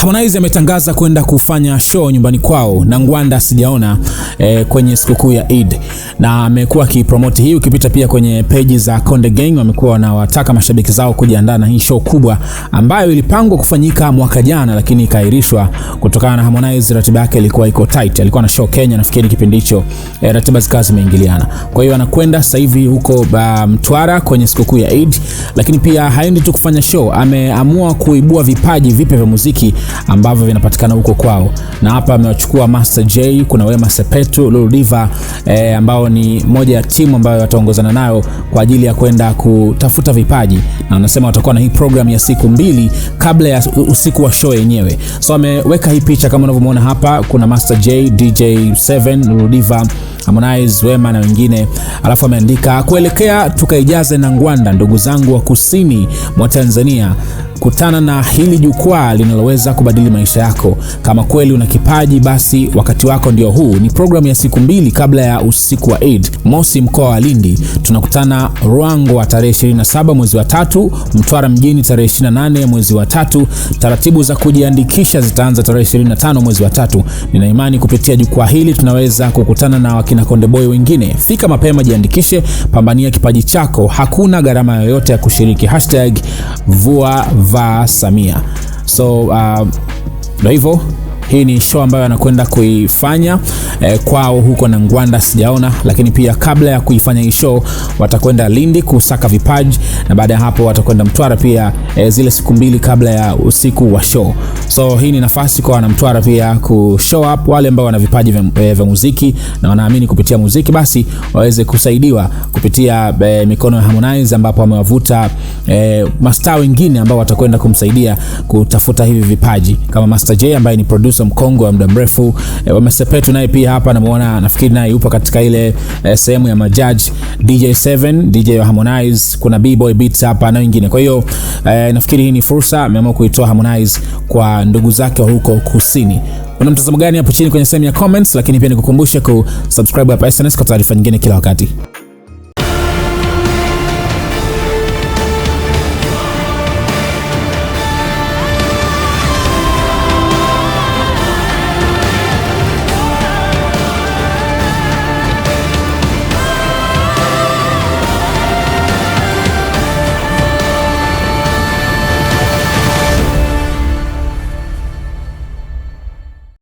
Harmonize ametangaza kwenda kufanya show nyumbani kwao na Ngwanda sijaona e, kwenye sikukuu ya Eid, na amekuwa akipromote hii. Ukipita pia kwenye peji za Konde Gang, wamekuwa wanawataka mashabiki zao kujiandaa na hii show kubwa ambayo ilipangwa kufanyika mwaka jana, lakini ikaahirishwa kutokana na Harmonize, ratiba yake ilikuwa iko tight. Alikuwa na show Kenya nafikiri kipindi hicho, e, ratiba zikawa zimeingiliana. Kwa hiyo anakwenda sasa hivi huko Mtwara kwenye sikukuu ya Eid, lakini pia haendi tu kufanya show, ameamua kuibua vipaji vipya vya muziki ambavyo vinapatikana huko kwao, na hapa amewachukua Master J, kuna Wema Sepetu, Lulu Diva e, ambao ni moja ya timu ambayo wataongozana nayo kwa ajili ya kwenda kutafuta vipaji, na wanasema watakuwa na hii program ya siku mbili kabla ya usiku wa show yenyewe. So ameweka hii picha kama unavyomuona hapa, kuna Master J, DJ 7, Lulu Diva Harmonize, Wema na wengine, alafu ameandika kuelekea tukaijaze na ngwanda, ndugu zangu wa kusini mwa Tanzania kutana na hili jukwaa linaloweza kubadili maisha yako. Kama kweli una kipaji, basi wakati wako ndio huu. Ni programu ya siku mbili kabla ya usiku wa Eid. Mosi, mkoa wa Lindi, tunakutana rwangwa tarehe 27 mwezi wa tatu, Mtwara mjini tarehe 28 mwezi wa tatu. Taratibu za kujiandikisha zitaanza tarehe 25 mwezi wa tatu. Nina imani kupitia jukwaa hili tunaweza kukutana na wakina Kondeboy wengine. Fika mapema, jiandikishe, pambania kipaji chako. Hakuna gharama yoyote ya kushiriki. Hashtag vua vaa Samia. So uh, ndo uh, hivyo hii ni show ambayo anakwenda kuifanya eh, kwao huko na Ngwanda sijaona, lakini pia kabla ya kuifanya hii show watakwenda Lindi kusaka vipaji na baada ya hapo watakwenda Mtwara pia eh, zile siku mbili kabla ya usiku wa show. So hii ni nafasi kwa wanamtwara pia ku show up wale ambao wana vipaji vya, eh, vya muziki na wanaamini kupitia muziki basi waweze kusaidiwa kupitia be, eh, mikono ya Harmonize ambapo amewavuta e, mastaa wengine ambao watakwenda kumsaidia kutafuta hivi vipaji kama Master J ambaye ni producer Nelson Mkongwe wa muda mrefu. Eh, Wamesepetu naye pia hapa namuona, nafikiri naye yupo katika ile eh, sehemu ya majaji, DJ7, DJ wa Harmonize, kuna B-boy beats hapa na wengine. Kwa hiyo e, nafikiri hii ni fursa, ameamua kuitoa Harmonize kwa ndugu zake wa huko kusini. Una mtazamo gani hapo chini kwenye sehemu ya comments, lakini pia nikukumbushe kusubscribe hapa SnS kwa taarifa nyingine kila wakati.